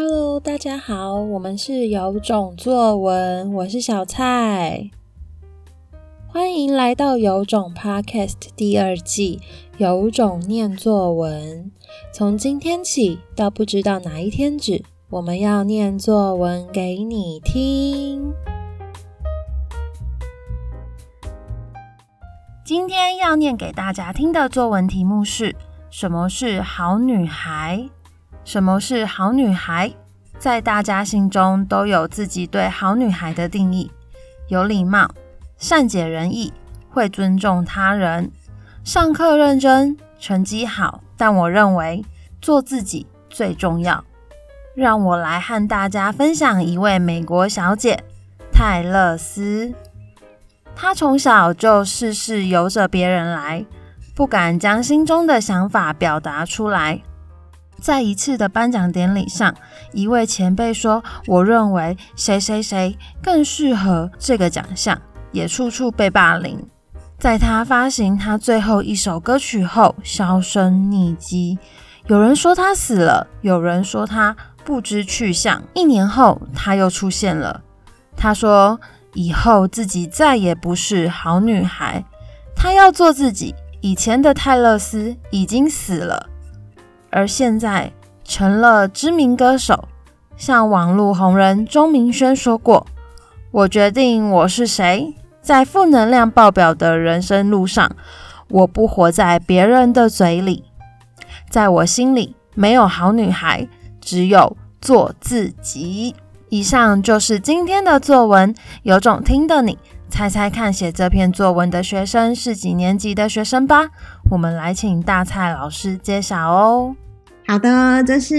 Hello，大家好，我們是有種作文，我是小蔡，歡迎來到有種 Podcast 第二季，有種念作文。從今天起到不知道哪一天止，我們要念作文給你聽。今天要念給大家聽的作文題目是：什麼是好女孩？什麼是好女孩？在大家心中都有自己對好女孩的定義：有禮貌、善解人意、會尊重他人、上課認真、成績好。但我認為，做自己最重要。讓我來和大家分享一位美國小姐泰勒絲。她從小就事事由着別人來，不敢將心中的想法表達出來。在一次的頒獎典禮上，一位前輩說：“我認為誰誰誰更適合這個獎項。”也處處被霸凌。在他發行他最後一首歌曲後，銷聲匿跡。有人說他死了，有人說他不知去向。一年後，他又出現了。他說：“以後自己再也不是好女孩，他要做自己。以前的泰勒絲已經死了。”而現在成了知名歌手，像網絡紅人鍾明軒說過：“我決定我是誰，在負能量爆表的人生路上，我不活在別人的嘴裡，在我心裡沒有好女孩，只有做自己。”以上就是今天的作文，有種聽得你。猜猜看，寫這篇作文的學生是幾年級的學生吧？我們來請大蔡老師揭曉哦。好的，這是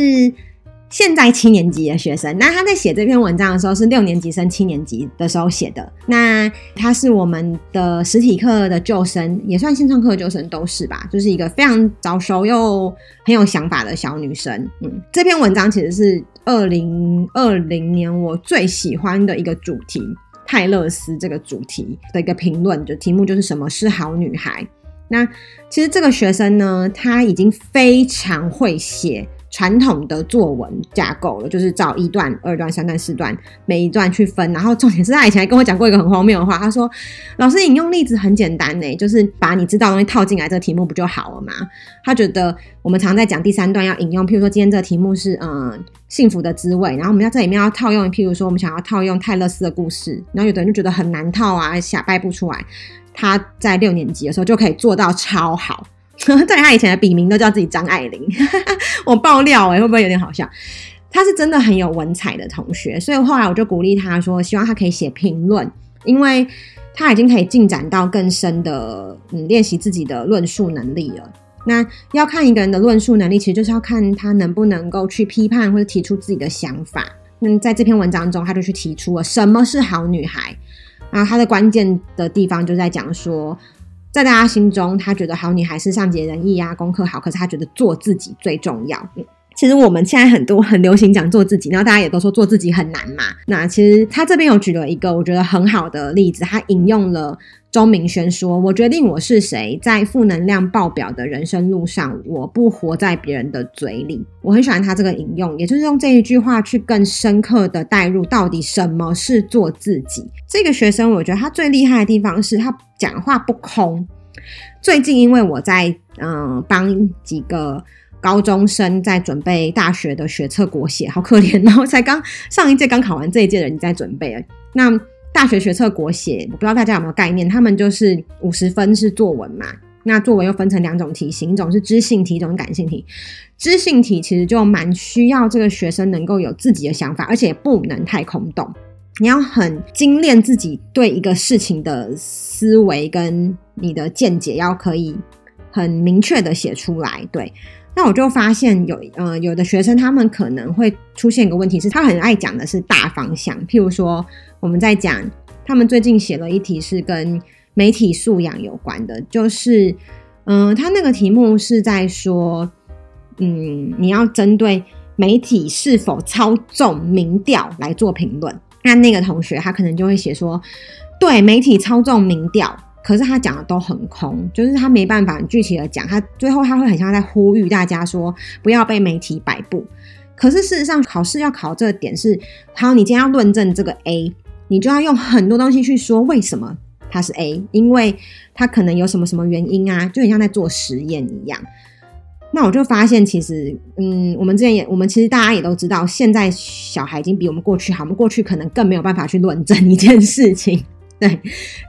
現在七年級的學生。那他在寫這篇文章的時候，是六年級升七年級的時候寫的。那他是我們的實體課的舊生，也算線上課的舊生，都是吧？就是一個非常早熟又很有想法的小女生。嗯，這篇文章其實是二零二零年我最喜歡的一個主題。泰勒絲這個主題的一個評論，就題目就是什麼是好女孩？那其實這個學生呢，他已經非常會寫傳統的作文架構了，就是照一段、二段、三段、四段，每一段去分。然後重點是他以前還跟我講過一個很荒謬的話，他說：“老師引用例子很簡單呢、欸，就是把你知道的東西套進來，這個題目不就好了嗎？”他覺得我們常在講第三段要引用，譬如說今天這個題目是嗯幸福的滋味，然後我們要在裡面要套用，譬如說我們想要套用泰勒斯的故事，然後有的人就覺得很難套啊，想掰不出來。他在六年級的時候就可以做到超好。 對他以前的筆名都叫自己張愛玲， 我爆料誒，會不會有點好笑？他是真的很有文采的同學，所以後來我就鼓勵他說，希望他可以寫評論，因為他已經可以進展到更深的嗯練習自己的論述能力了。那要看一個人的論述能力，其實就是要看他能不能夠去批判或者提出自己的想法。那在這篇文章中，他就去提出了什麼是好女孩，然後他的關鍵的地方就在講說，在大家心中，他覺得好女孩是善解人意呀、啊，功課好。可是他覺得做自己最重要。嗯。其實我們現在很多很流行講做自己，然後大家也都說做自己很難嘛。那其實他這邊有舉了一個我覺得很好的例子，他引用了鍾明軒說：“我決定我是誰，在負能量爆表的人生路上，我不活在別人的嘴裡。”我很喜歡他這個引用，也就是用這一句話去更深刻的帶入到底什麼是做自己。這個學生我覺得他最厲害的地方是他講話不空。最近因為我在嗯、呃、幫幾個。高中生在準備大學的學測國寫，好可憐哦！然後才剛上一屆剛考完這一屆的人在準備啊。那大學學測國寫，我不知道大家有沒有概念？他們就是五十分是作文嘛。那作文又分成兩種題型，一種是知性題，一種是感性題。知性題其實就蠻需要這個學生能夠有自己的想法，而且不能太空洞。你要很精煉自己對一個事情的思維跟你的見解，要可以很明確的寫出來。對。那我就發現有，呃，有的學生他們可能會出現一個問題是，他很愛講的是大方向。譬如說，我們在講，他們最近寫了一題是跟媒體素養有關的，就是，嗯、呃，他那個題目是在說，嗯，你要針對媒體是否操縱民調來做評論。那那個同學他可能就會寫說，對，媒體操縱民調。可是他講的都很空，就是他沒辦法具體的講，他最後他會很像在呼籲大家說，不要被媒體擺布。可是事實上，考試要考這個點是，好，你今天要論證這個 A，你就要用很多東西去說為什麼它是 A，因為它可能有什麼什麼原因啊，就很像在做實驗一樣。那我就發現，其實，嗯，我們之前也，我們其實大家也都知道，現在小孩已經比我們過去好，我們過去可能更沒有辦法去論證一件事情。對，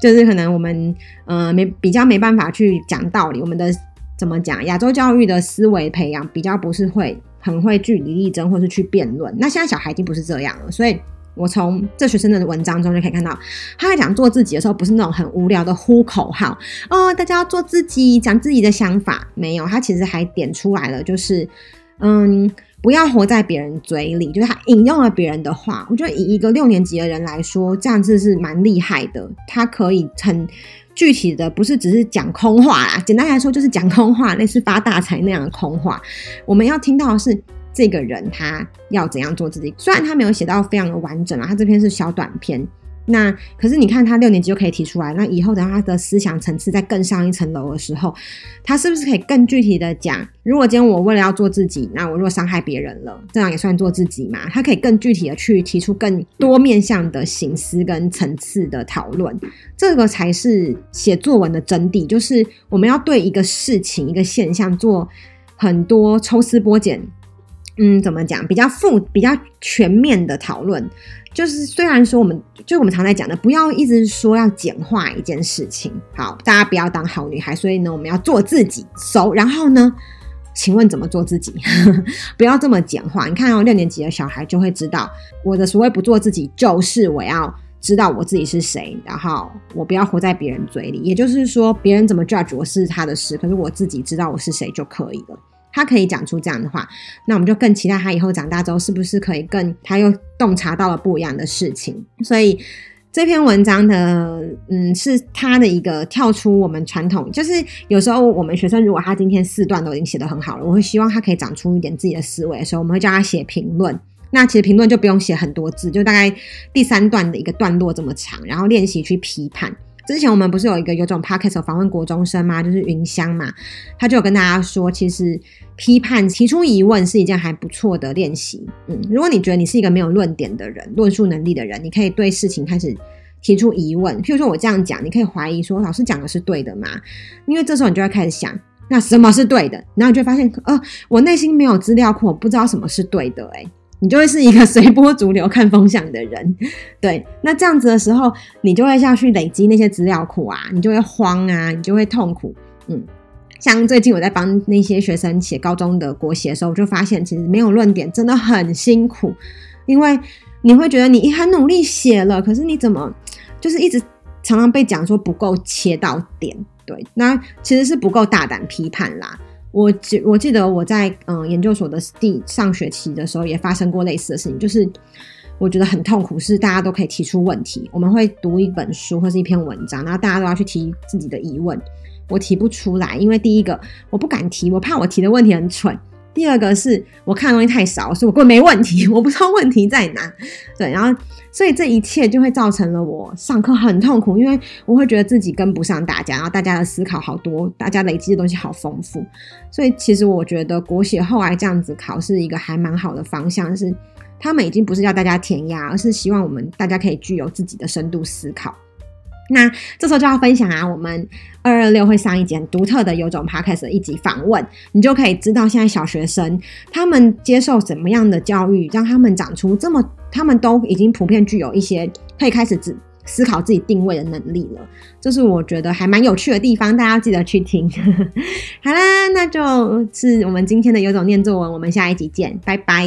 就是可能我們，呃，沒比較沒辦法去講道理，我們的怎麼講亞洲教育的思維培養比較不是會很會據理力爭，或是去辯論。那現在小孩已經不是這樣了，所以我從這學生的文章中就可以看到，他在講做自己的時候，不是那種很無聊的呼口號哦，大家要做自己，講自己的想法，沒有，他其實還點出來了，就是嗯。不要活在別人嘴裡，就是他引用了別人的話。我覺得以一個六年級的人來說，這樣子是蠻厲害的。他可以很具體的，不是只是講空話啦。簡單來說，就是講空話，類似發大財那樣的空話。我們要聽到的是這個人他要怎樣做自己。雖然他沒有寫到非常的完整啊，他這篇是小短篇。那可是你看，他六年級就可以提出來。那以後等他的思想層次再更上一層樓的時候，他是不是可以更具體的講？如果今天我為了要做自己，那我如果傷害別人了，這樣也算做自己嘛。他可以更具體的去提出更多面向的形式跟層次的討論，這個才是寫作文的真諦，就是我們要對一個事情、一個現象做很多抽絲剝繭，嗯，怎麼講？比較複、比較全面的討論。就是雖然說我們，就我們常在講的，不要一直說要簡化一件事情。好，大家不要當好女孩，所以呢，我們要做自己。So，然後呢，請問怎麼做自己？ 不要這麼簡化。你看哦，六年級的小孩就會知道，我的所謂不做自己，就是我要知道我自己是誰，然後我不要活在別人嘴裡。也就是說，別人怎麼 judge 我是他的事，可是我自己知道我是誰就可以了。他可以講出這樣的話，那我們就更期待他以後長大之後是不是可以更，他又洞察到了不一樣的事情。所以這篇文章的，嗯，是他的一個跳出我們傳統，就是有時候我們學生如果他今天四段都已經寫得很好了，我會希望他可以長出一點自己的思維，所以我們會叫他寫評論。那其實評論就不用寫很多字，就大概第三段的一個段落這麼長，然後練習去批判。之前我們不是有一個有種 podcast 訪問國中生嗎？就是雲香嘛，他就有跟大家說，其實批判提出疑問是一件還不錯的練習。嗯，如果你覺得你是一個沒有論點的人，論述能力的人，你可以對事情開始提出疑問。譬如說，我這樣講，你可以懷疑說，老師講的是對的嗎？因為這時候你就會開始想，那什麼是對的？然後你就會發現，哦、呃，我內心沒有資料庫，我不知道什麼是對的、欸。哎。你就會是一個隨波逐流、看風向的人，對。那這樣子的時候，你就會下去累積那些資料庫啊，你就會慌啊，你就會痛苦。嗯，像最近我在幫那些學生寫高中的國寫的時候，我就發現其實沒有論點真的很辛苦，因為你會覺得你很努力寫了，可是你怎麼就是一直常常被講說不夠切到點，對。那其實是不夠大膽批判啦。我記我記得我在嗯，研究所的第上學期的時候也發生過類似的事情，就是我覺得很痛苦，是大家都可以提出問題，我們會讀一本書或是一篇文章，然後大家都要去提自己的疑問。我提不出來，因為第一個我不敢提，我怕我提的問題很蠢；第二個是我看的東西太少，所以我根本沒問題，我不知道問題在哪。對，然後。所以這一切就會造成了我上課很痛苦，因為我會覺得自己跟不上大家，然後大家的思考好多，大家累積的東西好豐富。所以其實我覺得國寫後來這樣子考是一個還蠻好的方向，是他們已經不是要大家填鴨，而是希望我們大家可以具有自己的深度思考。那這時候就要分享啊，我們二二六會上一節獨特的有種 podcast 一集訪問，你就可以知道現在小學生他們接受什麼樣的教育，讓他們長出這麼，他們都已經普遍具有一些可以開始自思考自己定位的能力了，這是我覺得還蠻有趣的地方，大家要記得去聽。 好啦，那就是我們今天的有種念作文，我們下一集見，拜拜。